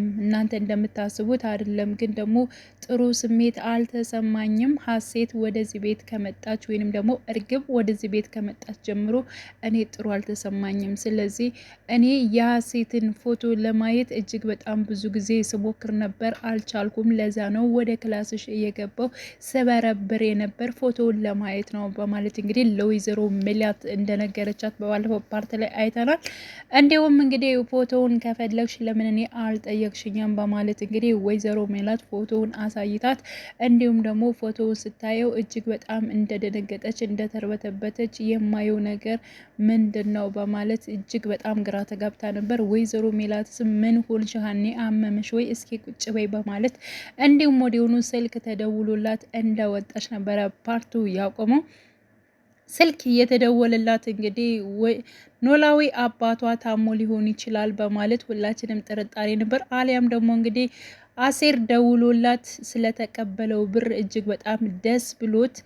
እናንተ እንደምታስቡት አይደለም። ግን ደግሞ ጥሩ ስሜት አልተሰማኝም። ሀሴት ወደዚህ ቤት ከመጣች ወይንም ደግሞ እርግብ ወደዚህ ቤት ከመጣች ጀምሮ እኔ ጥሩ አልተሰማኝም። ስለዚህ እኔ የሀሴትን ፎቶ ለማየት እጅግ በጣም ብዙ ጊዜ ስሞክር ነበር፣ አልቻልኩም። ለዛ ነው ወደ ክላስሽ እየገባው ስበረብር የነበር ፎቶውን ለማየት ነው በማለት እንግዲህ ለወይዘሮ ሜላት እንደነገረቻት በባለፈው ፓርት ላይ አይተናል። እንዲሁም እንግዲህ ፎቶውን ከፈለግሽ ለምን እኔ አልጠየ አልጠየቅሽኛም በማለት እንግዲህ ወይዘሮ ሜላት ፎቶውን አሳይታት፣ እንዲሁም ደግሞ ፎቶውን ስታየው እጅግ በጣም እንደደነገጠች እንደተርበተበተች የማየው ነገር ምንድን ነው በማለት እጅግ በጣም ግራ ተጋብታ ነበር። ወይዘሮ ሜላትስም ምን ሆንሽ ሀኒ አመመሽ ወይ እስኪ ቁጭ በይ በማለት እንዲሁም ወዲያውኑ ስልክ ተደውሎላት እንደወጣች ነበረ ፓርቱ ያቆመው። ስልክ እየተደወለላት እንግዲህ ኖላዊ አባቷ ታሞ ሊሆን ይችላል በማለት ሁላችንም ጥርጣሬ ነበር። አሊያም ደግሞ እንግዲህ አሴር ደውሎላት ስለተቀበለው ብር እጅግ በጣም ደስ ብሎት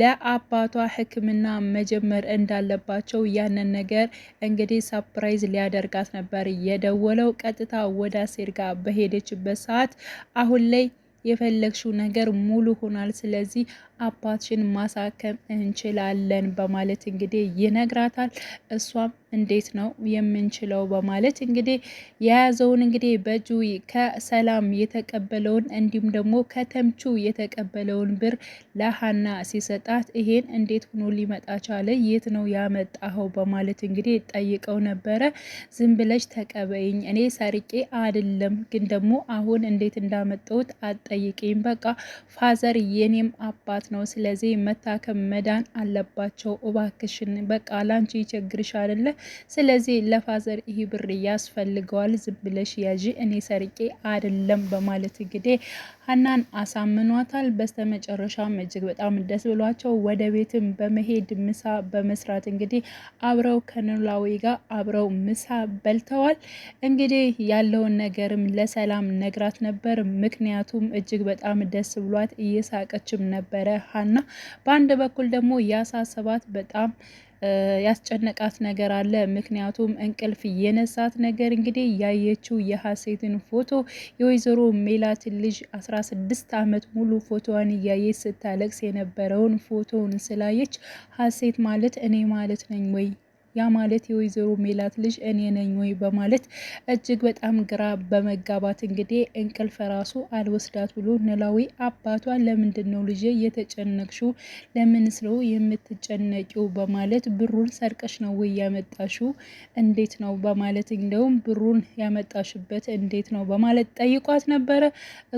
ለአባቷ ሕክምና መጀመር እንዳለባቸው ያንን ነገር እንግዲህ ሳፕራይዝ ሊያደርጋት ነበር የደወለው። ቀጥታ ወደ አሴር ጋር በሄደችበት ሰዓት አሁን ላይ የፈለግሽው ነገር ሙሉ ሆኗል፣ ስለዚህ አባትሽን ማሳከም እንችላለን በማለት እንግዲህ ይነግራታል። እሷም እንዴት ነው የምንችለው በማለት እንግዲህ የያዘውን እንግዲህ በእጁ ከሰላም የተቀበለውን እንዲሁም ደግሞ ከተምቹ የተቀበለውን ብር ለሀና ሲሰጣት ይሄን እንዴት ሆኖ ሊመጣ ቻለ? የት ነው ያመጣኸው? በማለት እንግዲህ ጠይቀው ነበረ። ዝም ብለሽ ተቀበይኝ፣ እኔ ሰርቄ አይደለም፣ ግን ደግሞ አሁን እንዴት እንዳመጣሁት አጠይቅኝ። በቃ ፋዘር የኔም አባት ነው። ስለዚህ መታከም መዳን አለባቸው። እባክሽን በቃ ላንቺ ይቸግርሽ አይደለ? ስለዚህ ለፋዘር ይህ ብር ያስፈልገዋል። ዝም ብለሽ ያዥ፣ እኔ ሰርቄ አይደለም በማለት እንግዲህ ሀናን አሳምኗታል። በስተመጨረሻም እጅግ በጣም ደስ ብሏቸው ወደ ቤትም በመሄድ ምሳ በመስራት እንግዲህ አብረው ከኖላዊ ጋር አብረው ምሳ በልተዋል። እንግዲህ ያለውን ነገርም ለሰላም ነግራት ነበር። ምክንያቱም እጅግ በጣም ደስ ብሏት እየሳቀችም ነበረ ሀና። በአንድ በኩል ደግሞ ያሳሰባት በጣም ያስጨነቃት ነገር አለ። ምክንያቱም እንቅልፍ የነሳት ነገር እንግዲህ ያየችው የሀሴትን ፎቶ የወይዘሮ ሜላት ልጅ 16 ዓመት ሙሉ ፎቶዋን እያየች ስታለቅስ የነበረውን ፎቶውን ስላየች ሀሴት ማለት እኔ ማለት ነኝ ወይ ያ ማለት የወይዘሮ ሜላት ልጅ እኔ ነኝ ወይ በማለት እጅግ በጣም ግራ በመጋባት እንግዲህ እንቅልፍ ራሱ አልወስዳት ብሎ ኖላዊ አባቷ ለምንድን ነው ልጅ የተጨነቅሽው? ለምን ስለው የምትጨነቂው? በማለት ብሩን ሰርቀሽ ነው ወይ ያመጣሽው? እንዴት ነው በማለት እንደውም ብሩን ያመጣሽበት እንዴት ነው በማለት ጠይቋት ነበረ።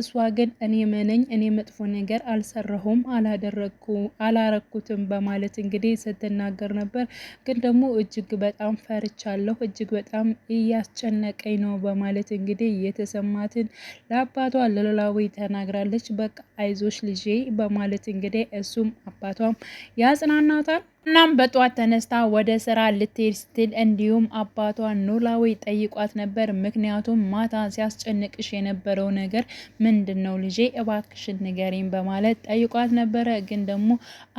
እሷ ግን እኔ መነኝ እኔ መጥፎ ነገር አልሰራሁም አላደረግኩ አላረኩትም በማለት እንግዲህ ስትናገር ነበር ግን ደግሞ እጅግ በጣም ፈርቻለሁ፣ እጅግ በጣም እያስጨነቀኝ ነው በማለት እንግዲህ የተሰማትን ለአባቷ ለኖላዊ ተናግራለች። በቃ አይዞሽ ልጄ በማለት እንግዲህ እሱም አባቷም ያጽናናታል። እናም በጠዋት ተነስታ ወደ ስራ ልትሄድ ስትል እንዲሁም አባቷ ኖላዊ ጠይቋት ነበር። ምክንያቱም ማታ ሲያስጨንቅሽ የነበረው ነገር ምንድን ነው ልጄ እባክሽን ንገሪኝ በማለት ጠይቋት ነበረ። ግን ደግሞ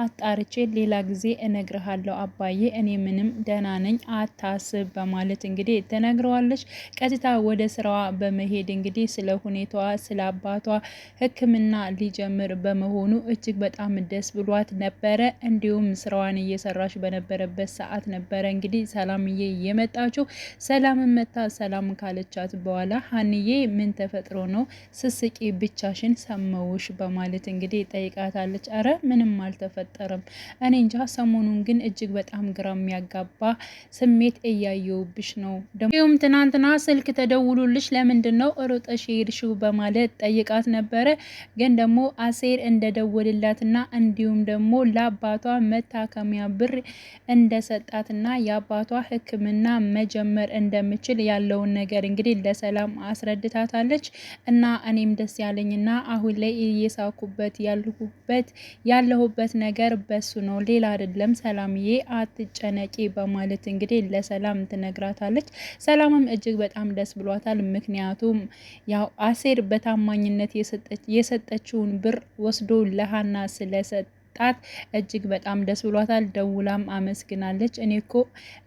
አጣርቼ ሌላ ጊዜ እነግርሃለሁ አባዬ፣ እኔ ምንም ደህና ነኝ አታስብ በማለት እንግዲህ ተነግረዋለች። ቀጥታ ወደ ስራዋ በመሄድ እንግዲህ ስለ ሁኔታዋ ስለ አባቷ ሕክምና ሊጀምር በመሆኑ እጅግ በጣም ደስ ብሏት ነበረ። እንዲሁም ስራዋን እየሰራሽ በነበረበት ሰዓት ነበረ እንግዲህ ሰላምዬ እየመጣችው ሰላምን መታ ሰላም ካለቻት በኋላ ሀንዬ ምን ተፈጥሮ ነው ስስቂ ብቻሽን ሰመውሽ በማለት እንግዲህ ጠይቃታለች። አረ ምንም አልተፈጠረም፣ እኔ እንጃ ሰሞኑን ግን እጅግ በጣም ግራ የሚያጋባ ስሜት እያየውብሽ ነው። ደግሞ ትናንትና ስልክ ተደውሉልሽ ለምንድን ነው ሮጠሽ ሄድሽው? በማለት ጠይቃት ነበረ። ግን ደግሞ አሴር እንደደወልላትና እንዲሁም ደግሞ ለአባቷ መታከሚያ ብር እንደሰጣትና የአባቷ ሕክምና መጀመር እንደምችል ያለውን ነገር እንግዲህ ለሰላም አስረድታታለች። እና እኔም ደስ ያለኝና አሁን ላይ እየሳኩበት ያልኩበት ያለሁበት ነገር በሱ ነው፣ ሌላ አይደለም። ሰላምዬ አትጨነቂ በማለት እንግዲህ ለሰላም ትነግራታለች። ሰላምም እጅግ በጣም ደስ ብሏታል። ምክንያቱም ያው አሴር በታማኝነት የሰጠችውን ብር ወስዶ ለሀና ስለሰጠ ስለሰጣት እጅግ በጣም ደስ ብሏታል። ደውላም አመስግናለች። እኔ እኮ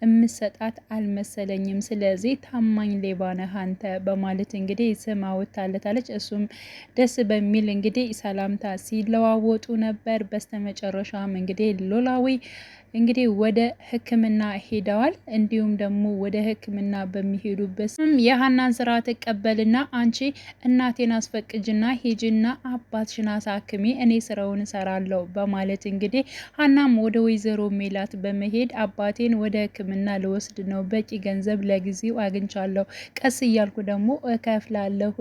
እምሰጣት አልመሰለኝም፣ ስለዚህ ታማኝ ሌባ ነህ አንተ በማለት እንግዲህ ስም አወጣለታለች። እሱም ደስ በሚል እንግዲህ ሰላምታ ሲለዋወጡ ነበር። በስተመጨረሻም እንግዲህ ኖላዊ እንግዲህ ወደ ሕክምና ሄደዋል። እንዲሁም ደግሞ ወደ ሕክምና በሚሄዱበት የሀናን ስራ ትቀበልና አንቺ እናቴን አስፈቅጅና ሄጅና አባትሽን አሳክሚ እኔ ስራውን እሰራለሁ በማለት እንግዲህ ሀናም ወደ ወይዘሮ ሜላት በመሄድ አባቴን ወደ ሕክምና ልወስድ ነው፣ በቂ ገንዘብ ለጊዜው አግኝቻለሁ፣ ቀስ እያልኩ ደግሞ እከፍላለሁ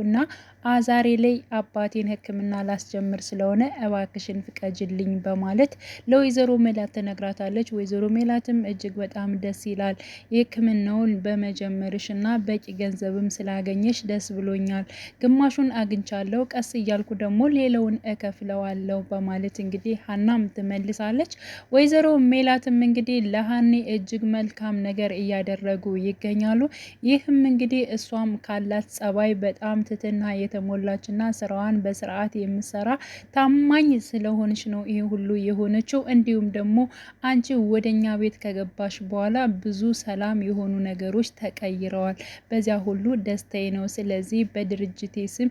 ዛሬ ላይ አባቴን ሕክምና ላስጀምር ስለሆነ እባክሽን ፍቀጅልኝ በማለት ለወይዘሮ ሜላት ተነግራታለች። ወይዘሮ ሜላትም እጅግ በጣም ደስ ይላል የሕክምናውን በመጀመርሽ እና በቂ ገንዘብም ስላገኘሽ ደስ ብሎኛል። ግማሹን አግኝቻለሁ፣ ቀስ እያልኩ ደግሞ ሌላውን እከፍለዋለሁ በማለት እንግዲህ ሀናም ትመልሳለች። ወይዘሮ ሜላትም እንግዲህ ለሀኔ እጅግ መልካም ነገር እያደረጉ ይገኛሉ። ይህም እንግዲህ እሷም ካላት ጸባይ በጣም ትትና የተ እና ስራዋን በስርዓት የምሰራ ታማኝ ስለሆነች ነው ይሄ ሁሉ የሆነችው። እንዲሁም ደግሞ አንቺ ወደኛ ቤት ከገባሽ በኋላ ብዙ ሰላም የሆኑ ነገሮች ተቀይረዋል። በዚያ ሁሉ ደስታዬ ነው። ስለዚህ በድርጅቴ ስም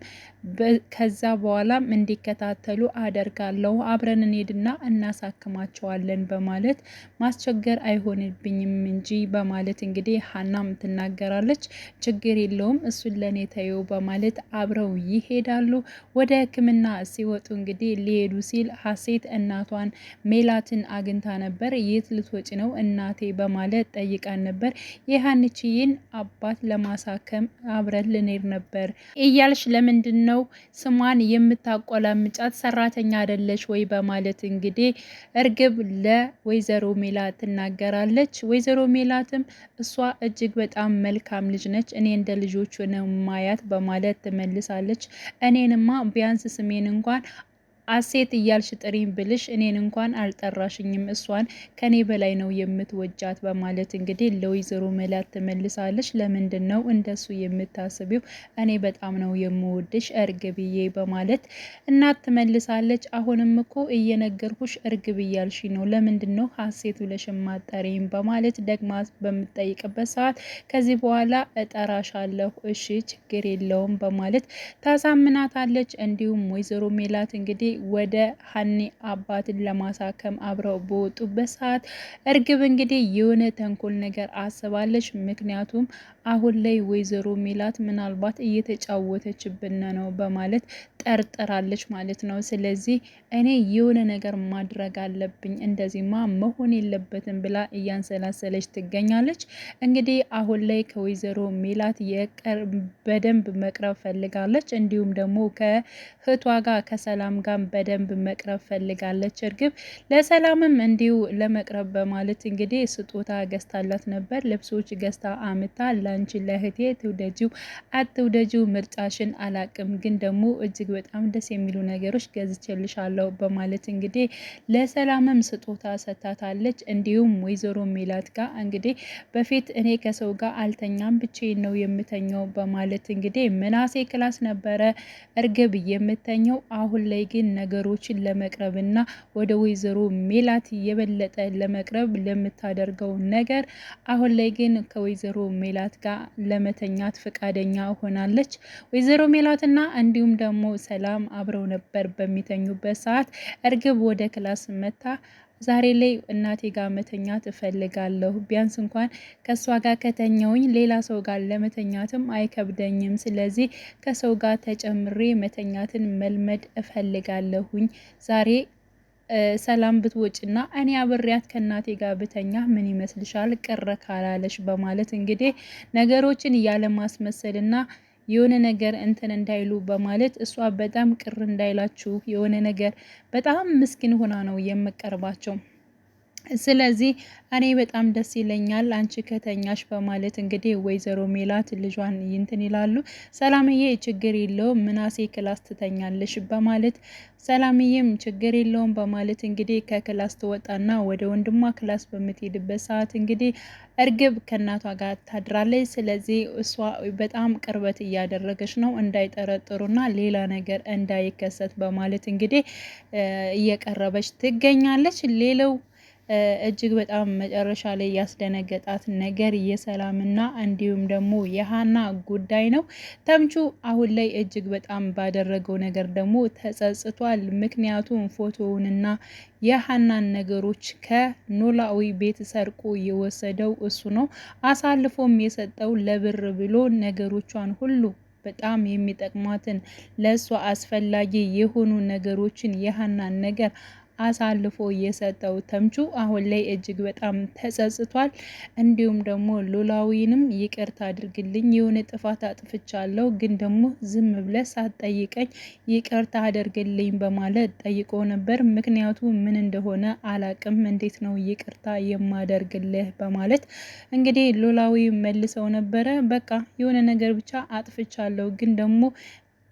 ከዛ በኋላም እንዲከታተሉ አደርጋለሁ። አብረን እንሄድና እናሳክማቸዋለን በማለት ማስቸገር አይሆንብኝም እንጂ በማለት እንግዲህ ሀናም ትናገራለች። ችግር የለውም እሱን ለእኔ ተየው በማለት አብረው ይሄዳሉ። ወደ ሕክምና ሲወጡ እንግዲህ ሊሄዱ ሲል ሀሴት እናቷን ሜላትን አግኝታ ነበር። የት ልትወጪ ነው እናቴ በማለት ጠይቃን ነበር። የሀንችይን አባት ለማሳከም አብረን ልንሄድ ነበር እያልሽ ለምንድን ነው ስሟን የምታቆላምጫት? ሰራተኛ አይደለች ወይ በማለት እንግዲህ እርግብ ለወይዘሮ ሜላት ትናገራለች። ወይዘሮ ሜላትም እሷ እጅግ በጣም መልካም ልጅ ነች፣ እኔ እንደ ልጆቹ ነው ማያት በማለት ትመልሳለች። ትመልሳለች። እኔንማ ቢያንስ ስሜን እንኳን አሴት እያልሽ ጥሪኝ ብልሽ እኔን እንኳን አልጠራሽኝም፣ እሷን ከኔ በላይ ነው የምትወጃት በማለት እንግዲህ ለወይዘሮ ሜላት ትመልሳለች። ለምንድን ነው እንደሱ የምታስቢው? እኔ በጣም ነው የምወድሽ እርግብዬ በማለት እናት ትመልሳለች። አሁንም እኮ እየነገርኩሽ እርግብ እያልሽ ነው፣ ለምንድን ነው ሀሴት ብለሽ ማጠሪኝ? በማለት ደግማ በምጠይቅበት ሰዓት ከዚህ በኋላ እጠራሻለሁ፣ እሺ ችግር የለውም በማለት ታሳምናታለች። እንዲሁም ወይዘሮ ሜላት እንግዲህ ወደ ሀኒ አባትን ለማሳከም አብረው በወጡበት ሰዓት እርግብ እንግዲህ የሆነ ተንኮል ነገር አስባለች። ምክንያቱም አሁን ላይ ወይዘሮ ሚላት ምናልባት እየተጫወተችብን ነው በማለት ጠርጥራለች ማለት ነው። ስለዚህ እኔ የሆነ ነገር ማድረግ አለብኝ፣ እንደዚህማ መሆን የለበትም ብላ እያንሰላሰለች ትገኛለች። እንግዲህ አሁን ላይ ከወይዘሮ ሜላት በደንብ መቅረብ ፈልጋለች። እንዲሁም ደግሞ ከህቷ ጋር ከሰላም ጋር በደንብ መቅረብ ፈልጋለች። እርግብ ለሰላምም እንዲሁ ለመቅረብ በማለት እንግዲህ ስጦታ ገዝታላት ነበር። ልብሶች ገዝታ አምታ ላንቺ ለእህቴ ትውደጂው አትውደጂው ምርጫሽን አላቅም፣ ግን ደግሞ እጅግ በጣም ደስ የሚሉ ነገሮች ገዝቼልሻለሁ በማለት እንግዲህ ለሰላምም ስጦታ ሰታታለች። እንዲሁም ወይዘሮ ሜላት ጋር እንግዲህ በፊት እኔ ከሰው ጋር አልተኛም ብቻዬን ነው የምተኘው በማለት እንግዲህ ምናሴ ክላስ ነበረ እርግብ የምተኘው አሁን ላይ ግን ነገሮችን ለመቅረብ እና ወደ ወይዘሮ ሜላት የበለጠ ለመቅረብ ለምታደርገው ነገር አሁን ላይ ግን ከወይዘሮ ሜላት ጋር ለመተኛት ፈቃደኛ ሆናለች። ወይዘሮ ሜላትና እንዲሁም ደግሞ ሰላም አብረው ነበር በሚተኙበት ሰዓት እርግብ ወደ ክላስ መታ ዛሬ ላይ እናቴ ጋር መተኛት እፈልጋለሁ። ቢያንስ እንኳን ከእሷ ጋር ከተኛውኝ ሌላ ሰው ጋር ለመተኛትም አይከብደኝም። ስለዚህ ከሰው ጋር ተጨምሬ መተኛትን መልመድ እፈልጋለሁኝ። ዛሬ ሰላም ብትወጭና እኔ አብሬያት ከእናቴ ጋር ብተኛ ምን ይመስልሻል? ቅር ካላለሽ በማለት እንግዲህ ነገሮችን እያለማስመሰልና የሆነ ነገር እንትን እንዳይሉ በማለት እሷ በጣም ቅር እንዳይላችሁ የሆነ ነገር በጣም ምስኪን ሆና ነው የምቀርባቸው። ስለዚህ እኔ በጣም ደስ ይለኛል አንቺ ከተኛሽ በማለት እንግዲህ ወይዘሮ ሜላት ልጇን ይንትን ይላሉ። ሰላምዬ ችግር የለውም ምናሴ ክላስ ትተኛለሽ በማለት ሰላምዬም ችግር የለውም በማለት እንግዲህ ከክላስ ትወጣና ወደ ወንድሟ ክላስ በምትሄድበት ሰዓት እንግዲህ እርግብ ከእናቷ ጋር ታድራለች። ስለዚህ እሷ በጣም ቅርበት እያደረገች ነው እንዳይጠረጥሩና ሌላ ነገር እንዳይከሰት በማለት እንግዲህ እየቀረበች ትገኛለች። ሌላው እጅግ በጣም መጨረሻ ላይ ያስደነገጣት ነገር የሰላምና እንዲሁም ደግሞ የሀና ጉዳይ ነው። ተምቹ አሁን ላይ እጅግ በጣም ባደረገው ነገር ደግሞ ተጸጽቷል። ምክንያቱም ፎቶውንና የሀናን ነገሮች ከኖላዊ ቤት ሰርቆ የወሰደው እሱ ነው። አሳልፎም የሰጠው ለብር ብሎ ነገሮቿን ሁሉ በጣም የሚጠቅሟትን ለእሷ አስፈላጊ የሆኑ ነገሮችን የሀናን ነገር አሳልፎ የሰጠው ተምቹ አሁን ላይ እጅግ በጣም ተጸጽቷል። እንዲሁም ደግሞ ሉላዊንም ይቅርታ አድርግልኝ፣ የሆነ ጥፋት አጥፍቻለሁ፣ ግን ደግሞ ዝም ብለህ ሳትጠይቀኝ ይቅርታ አድርግልኝ በማለት ጠይቆ ነበር። ምክንያቱ ምን እንደሆነ አላቅም፣ እንዴት ነው ይቅርታ የማደርግልህ በማለት እንግዲህ ሉላዊ መልሰው ነበረ። በቃ የሆነ ነገር ብቻ አጥፍቻለሁ፣ ግን ደግሞ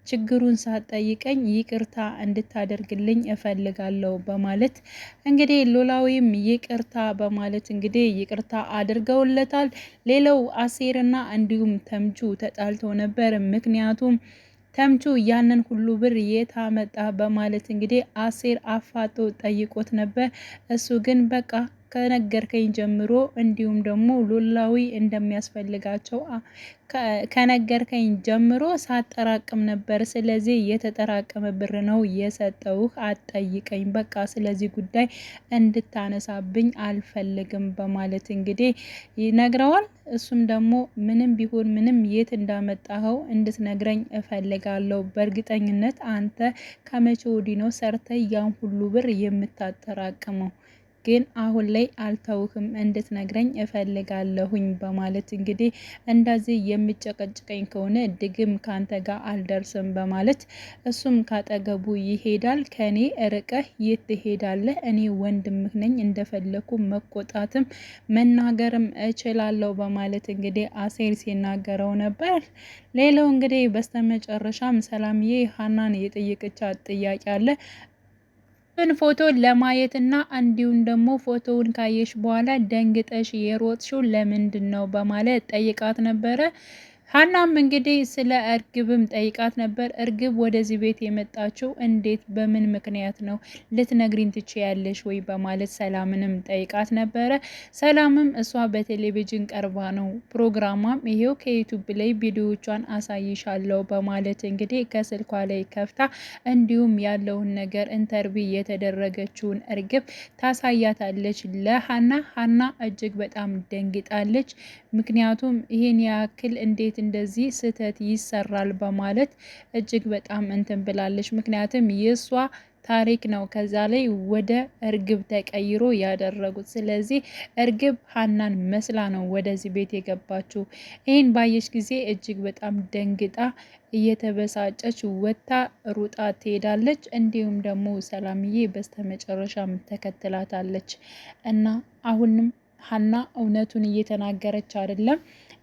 ችግሩን ሳትጠይቀኝ ይቅርታ እንድታደርግልኝ እፈልጋለሁ በማለት እንግዲህ ሎላዊም ይቅርታ በማለት እንግዲህ ይቅርታ አድርገውለታል። ሌላው አሴርና እንዲሁም ተምቹ ተጣልተው ነበር። ምክንያቱም ተምቹ ያንን ሁሉ ብር የታመጣ በማለት እንግዲህ አሴር አፋጦ ጠይቆት ነበር። እሱ ግን በቃ ከነገርከኝ ጀምሮ እንዲሁም ደግሞ ሎላዊ እንደሚያስፈልጋቸው ከነገርከኝ ጀምሮ ሳጠራቅም ነበር። ስለዚህ የተጠራቀመ ብር ነው የሰጠውህ፣ አጠይቀኝ በቃ ስለዚህ ጉዳይ እንድታነሳብኝ አልፈልግም በማለት እንግዲህ ይነግረዋል። እሱም ደግሞ ምንም ቢሆን ምንም የት እንዳመጣኸው እንድትነግረኝ እፈልጋለሁ። በእርግጠኝነት አንተ ከመቼ ወዲህ ነው ሰርተ ያን ሁሉ ብር የምታጠራቅመው? ግን አሁን ላይ አልተውህም እንድትነግረኝ እፈልጋለሁኝ በማለት እንግዲህ እንደዚህ የሚጨቀጭቀኝ ከሆነ ድግም ካንተ ጋር አልደርስም በማለት እሱም ካጠገቡ ይሄዳል። ከኔ ርቀህ የት ትሄዳለህ? እኔ ወንድምህ ነኝ እንደፈለኩ መቆጣትም መናገርም እችላለሁ በማለት እንግዲህ አሴር ሲናገረው ነበር። ሌላው እንግዲህ በስተመጨረሻም ሰላምዬ ሀናን የጠየቀቻት ጥያቄ አለ ን ፎቶ ለማየት እና እንዲሁም ደግሞ ፎቶውን ካየሽ በኋላ ደንግጠሽ የሮጥሽው ለምንድን ነው በማለት ጠይቃት ነበረ። ሀናም እንግዲህ ስለ እርግብም ጠይቃት ነበር። እርግብ ወደዚህ ቤት የመጣችው እንዴት በምን ምክንያት ነው ልትነግሪን ትችያለሽ ወይ በማለት ሰላምንም ጠይቃት ነበረ። ሰላምም እሷ በቴሌቪዥን ቀርባ ነው ፕሮግራሟም ይሄው ከዩቱብ ላይ ቪዲዮቿን አሳይሻለሁ በማለት እንግዲህ ከስልኳ ላይ ከፍታ እንዲሁም ያለውን ነገር ኢንተርቪ የተደረገችውን እርግብ ታሳያታለች ለሀና። ሀና እጅግ በጣም ደንግጣለች። ምክንያቱም ይህን ያክል እንዴት እንደዚህ ስህተት ይሰራል በማለት እጅግ በጣም እንትን ብላለች። ምክንያቱም የእሷ ታሪክ ነው ከዛ ላይ ወደ እርግብ ተቀይሮ ያደረጉት። ስለዚህ እርግብ ሀናን መስላ ነው ወደዚህ ቤት የገባችው። ይህን ባየች ጊዜ እጅግ በጣም ደንግጣ እየተበሳጨች ወታ ሩጣ ትሄዳለች። እንዲሁም ደግሞ ሰላምዬ በስተመጨረሻም ተከትላታለች እና አሁንም ሀና እውነቱን እየተናገረች አይደለም።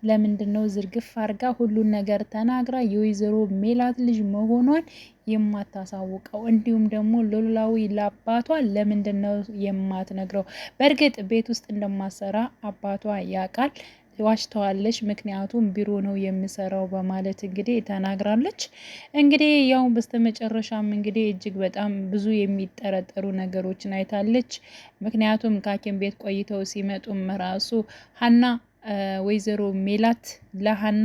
ለምንድን ነው ዝርግፍ አርጋ ሁሉን ነገር ተናግራ የወይዘሮ ሜላት ልጅ መሆኗን የማታሳውቀው? እንዲሁም ደግሞ ኖላዊ ለአባቷ ለምንድን ነው የማትነግረው? በእርግጥ ቤት ውስጥ እንደማሰራ አባቷ ያውቃል። ዋሽተዋለች። ምክንያቱም ቢሮ ነው የምሰራው በማለት እንግዲህ ተናግራለች። እንግዲህ ያው በስተመጨረሻም እንግዲህ እጅግ በጣም ብዙ የሚጠረጠሩ ነገሮችን አይታለች። ምክንያቱም ከሐኪም ቤት ቆይተው ሲመጡም ራሱ ሀና ወይዘሮ ሜላት ለሀና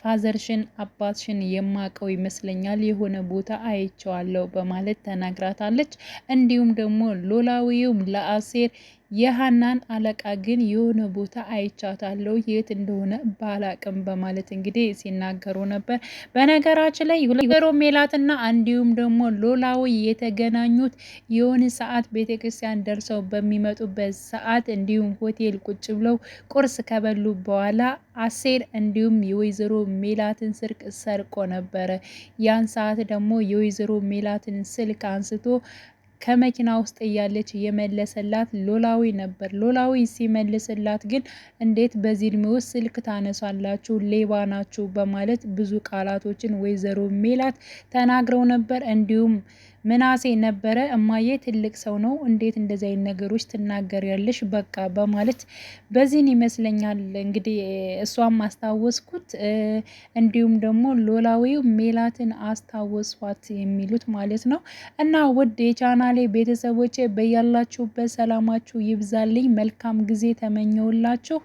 ፋዘርሽን አባትሽን የማቀው ይመስለኛል የሆነ ቦታ አይቸዋለሁ በማለት ተናግራታለች። እንዲሁም ደግሞ ኖላዊውም ለአሴር የሀናን አለቃ ግን የሆነ ቦታ አይቻታለሁ የት እንደሆነ ባላቅም በማለት እንግዲህ ሲናገሩ ነበር። በነገራችን ላይ ወይዘሮ ሜላትና እንዲሁም ደግሞ ኖላዊ የተገናኙት የሆነ ሰዓት ቤተክርስቲያን ደርሰው በሚመጡበት ሰዓት እንዲሁም ሆቴል ቁጭ ብለው ቁርስ ከበሉ በኋላ አሴር እንዲሁም የወይዘሮ ሜላትን ስልክ ሰርቆ ነበረ። ያን ሰዓት ደግሞ የወይዘሮ ሜላትን ስልክ አንስቶ ከመኪና ውስጥ እያለች የመለሰላት ኖላዊ ነበር። ኖላዊ ሲመልስላት ግን እንዴት በዚህ እድሜ ውስጥ ስልክ ታነሳላችሁ? ሌባ ናችሁ በማለት ብዙ ቃላቶችን ወይዘሮ ሜላት ተናግረው ነበር እንዲሁም ምናሴ ነበረ። እማዬ ትልቅ ሰው ነው፣ እንዴት እንደዚህ አይነት ነገሮች ትናገሪያለሽ? በቃ በማለት በዚህን ይመስለኛል እንግዲህ እሷም አስታወስኩት፣ እንዲሁም ደግሞ ኖላዊው ሜላትን አስታወስኳት የሚሉት ማለት ነው። እና ውድ የቻናሌ ቤተሰቦች በያላችሁበት ሰላማችሁ ይብዛልኝ። መልካም ጊዜ ተመኘውላችሁ።